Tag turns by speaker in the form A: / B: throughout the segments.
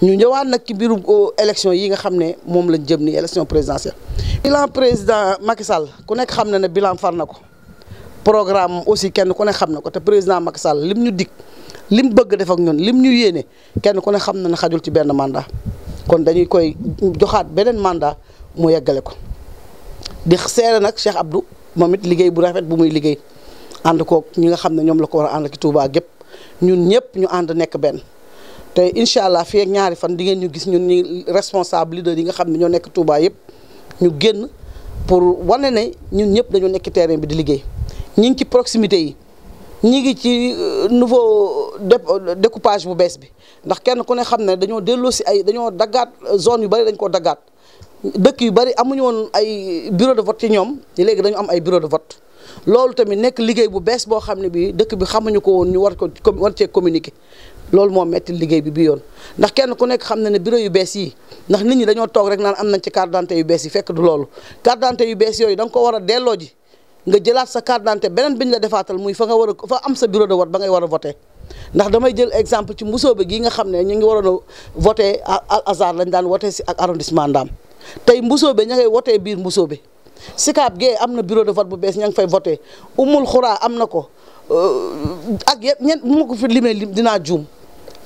A: ñu ñëwaat nag ci mbirum euh, élection yi nga xam ne moom lañ jëm ni élection présidentielle. bilan président Macky Sall ku nekk xam na ne bilan far na ko programme aussi kenn ku ne xam na ko te président Macky Sall lim ñu dig lim bëgg def ak ñun ñu yéene kenn ku ne xam na ne xajul ci benn mandat kon dañuy koy joxaat beneen mandat mu yeggale ko di seere nag Cheikh Abdou moom it liggéey bu rafet bu muy liggéey ànd kook ñi nga xam ne ñoom la ko war a ànd ci tuubaa gépp ñun ñëpp ñu ànd nekk benn. te incha allah fii ak ñaari fan di ngeen ñu gis ñun ñi responsable leader yi nga xam ne ñoo nekk Touba yëpp ñu génn pour wane ne ñun ñëpp dañoo nekk terrain bi di liggéey ñi ngi ci proximité yi ñi ngi ci euh, nouveau découpage bu bees bi ndax kenn ku ne xam ne dañoo delloo si ay dañoo daggaat euh, zone yu bari dañ ko daggaat dëkk yu bari amuñu woon ay bureau de vote ci ñoom léegi dañu am ay bureau de vote loolu tamit nekk liggéey bu bees boo xam ne bii dëkk bi xamuñu ko ñu war ko war cee communiquer loolu moo metti liggéey bi bi yoon ndax kenn ku nekk xam na ne bureau yu bees yi ndax nit ñi dañoo toog rek naan am nañ ci carte d'identité yu bees yi fekk du loolu carte d'identité yu bees yooyu da ko war a delloo ji nga jëlaat sa carte d'identité beneen bi la defaatal muy fa nga war a fa am sa bureau de vote ba ngay war a voter ndax damay jël exemple ci Mbusoobe gii nga xam ne ñu ngi waroon a voter al hasard lañ daan voter si ak arrondissement Ndam tey Mbusoobe ña ngay voter biir Mbusoobe Sicap Gueye am na bureau de vote bu bees ña ngi fay voter Umul Xuraa am na ko euh, ak ñen mu ma ko fi limee lim dinaa juum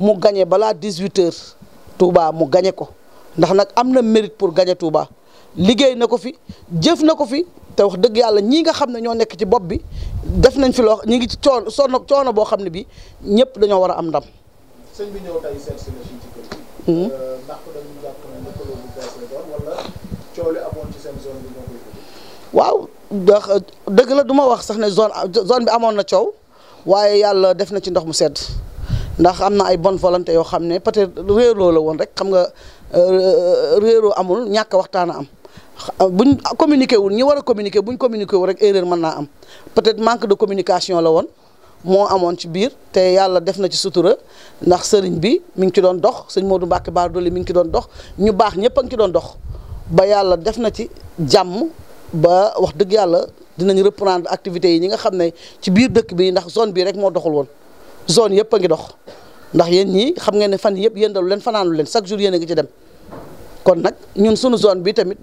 A: mu gañe balaa 18 heures Touba mu gañe ko ndax nag am na mérite pour gañe Touba liggéey na ko fi jëf na ko fi te wax dëgg yàlla ñii nga xam ne ñoo nekk ci bopp bi def nañ fi loo ñi ngi ci coono sonn coono boo xam ne bi ñëpp dañoo war a am ndam. sëñ la ci hmm? euh, dëgg la du ma wax sax ne zone zone bi amoon na coow waaye yàlla def na ci ndox mu sedd. ndax am na ay bonne volonté yoo xam ne peut-être réeroo la woon rek xam nga euh, réeroo amul ñàkk waxtaan a am buñ communiqué wul ñi war a communiqué buñ communiqué wul rek erreur mën naa am peut-être manque de communication la woon moo amoon ci biir te yàlla def na ci sutura ndax sëriñ bi mu ngi ci doon dox sëñ du Mbacke Bara Dolly mi ngi ci doon dox ñu baax ñëpp a ngi ci doon dox ba yàlla def na ci jàmm ba wax dëgg yàlla dinañ reprendre activités yi ñi nga xam ne ci biir dëkk ndax zone bi rek moo doxul woon zone yëpp a ngi dox ndax yéen ñii xam nga ne fan yëpp yëndalu leen fanaanu leen chaque jour yéen a ngi ci dem kon nag ñun sunu zone bi tamit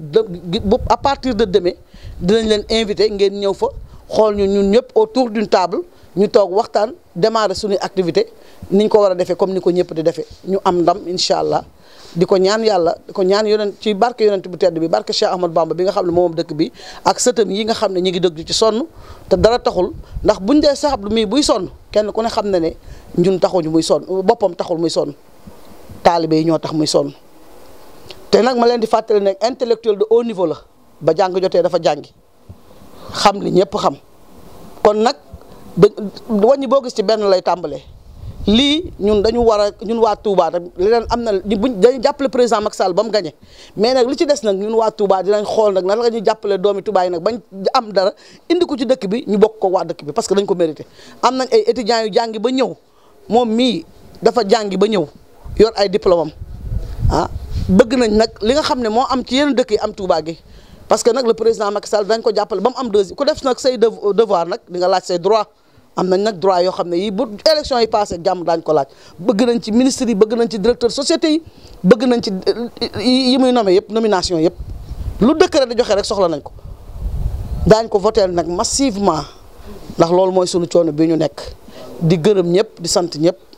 A: bu à partir de demain dinañ leen invité ngeen ñëw fa xool ñu ñun ñëpp autour d'une table ñu toog waxtaan démarrer suñuy activité ni ñu ko war a defee comme ni ko ñëpp di defee ñu am ndam incha allah di ko ñaan yàlla di ko ñaan yonent ci barke yonent bu tedd bi barke Cheikh Ahmad Bamba bi nga xam ne moom dëkk bi ak sëtam yi nga xam ne ñu ngi dëgg ci sonn te dara taxul ndax buñ dee saxablu mii buy sonn kenn ku ne xam na ne ñun taxuñu muy sonn boppam taxul muy sonn taalibe yi ñoo tax muy sonn te nag ma leen di fàttali ne intellectuel de haut niveau la ba jàng jotee dafa jàngi xam li ñëpp xam kon nag. da wàññi boo gis ci benn lay tàmbale lii ñun dañu war a ñun waa Touba tam leneen am na buñ dañu jàppale président Macky Sall ba mu gagné mais nag li ci des nag ñun waa tubaa dinañ xool nag nan la ñuy jàppale doomi Touba yi nag am dara indi ko ci dëkk bi ñu bokk ko waa dëkk bi parce que dañ ko mérité am nañ ay étudiants yu jàngi ba ñëw moom mii dafa jàngi ba ñëw yor ay diplôme ah bëgg nañ nag li nga xam ne moo am ci yenn dëkk yi am Touba gi parce que nag le président Macky Sall dañ ko jàppale ba mu am deuxième ku def nag say devoir nag di nga laaj say droit am nañ nag droit yoo xam ne yii bu élection yi passé jàmm daañ ko laaj bëgg nañ ci ministre yi bëgg nañ ci directeur société yi bëgg nañ ci yi muy nommé yëpp nomination yëpp lu dëkk décret di joxe rek soxla nañ ko daañ ko voteel nag massivement ndax loolu mooy sunu coono bi ñu nekk di gërëm ñëpp di sant ñëpp